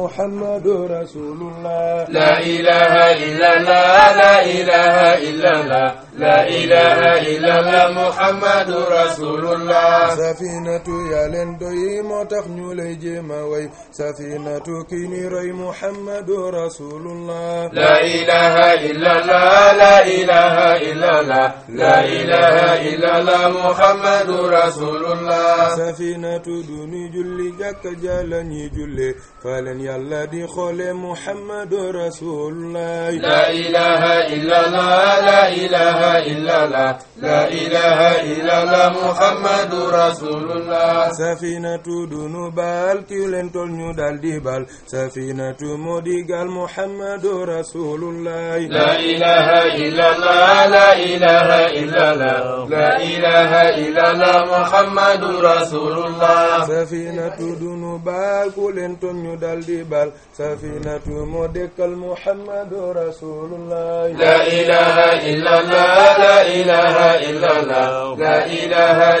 محمد رسول الله لا إله إلا الله لا إله إلا الله لا إله إلا الله محمد رسول الله سفينة يالن دوي moo tax ñu lay jéem a way safinatu ki ni roy Muhammadu Rasulullah la ilaha illallah la ilaha illallah la ilaha illallah Muhammadu Rasulullah safinatu du ni julli jàkka ja la ñuy jullee fa leen yàlla di xoole muhammadu rasulullah la ilaha illallah la ilaha illallah la ilaha illallah muhammadu rasulullah safinatu dunu baal ki leen tol ñu dal di baal safinatu moo digal muhammadu rasulullah la ilaha illallah la ilaha illallah la ilaha illallah muhammadu rasulullah safinatu dunu baal ku leen tol ñu dal di bal safinatu moo dekkal muhammadu rasulullah la ilaha illallah la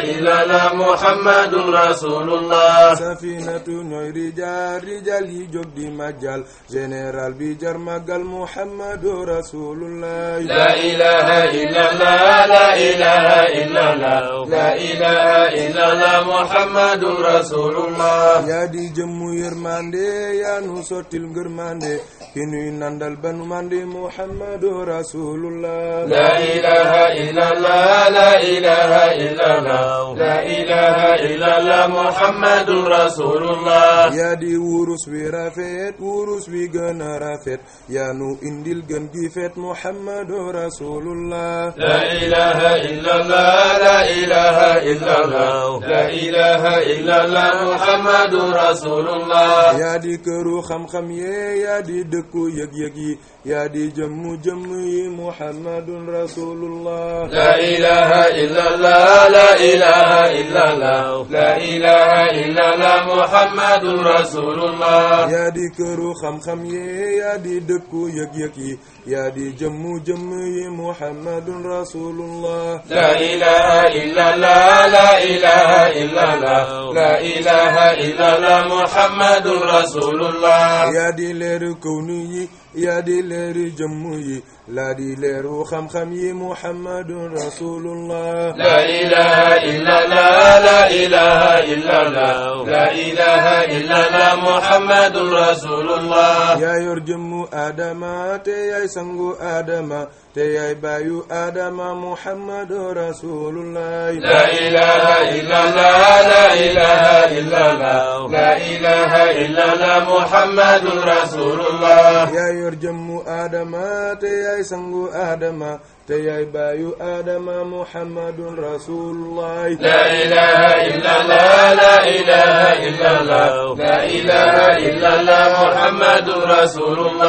ilaha illallah rasulullah safinatu ñooy rijal rijal yi jóg di majal général bi jar magal muhammadu rasulullah la ilaha illallah la ilaha illallah rasulullah yaa di jëmmu yaan hu sottil ngërmande ki nuy nandal ba mandi muhammadu rasulullah la ilaha illallah la ilaha illallah la ilaha illallah muhammadu rasulullah yaa di wurus wi rafet wurus wi gën a rafet yaa nu indil gën gi fet muhammadu la ilaha illallah la ilaha illallah la ilaha këru xam-xam yee yaa di dëkku yëg-yëg yi yaa di jëmmu jëmm yi muhammadun rasulullah la ilaha illallah la ilaha illallah la ilaha illallah muhammadun rasulullah yaa di këru xam-xam yee yaa di dëkku yëg-yëg yi yaa di jëmmu jëmm yi muhammadun rasulullah la ilaha illallah la ilaha illallah la ilaha illallah muhammadun rasulullah rasulullah yaa di leeru kawnu yi yaa di leeru jëmm yi laa di leeru xam-xam yi muhammadun rasulullah la ilaha illallah إله إلا الله لا إله إلا الله محمد رسول الله يا يرجم آدم تي سنغو آدم تي بايو آدم محمد رسول الله لا إله إلا الله لا إله إلا الله لا إله إلا الله محمد رسول الله يا يرجم آدم تي سنغو آدم te yaay baayu aadama muhammadun rasulullah la ilaha illallah la ilaha illallah la ilaha illallah muhammadun rasulullah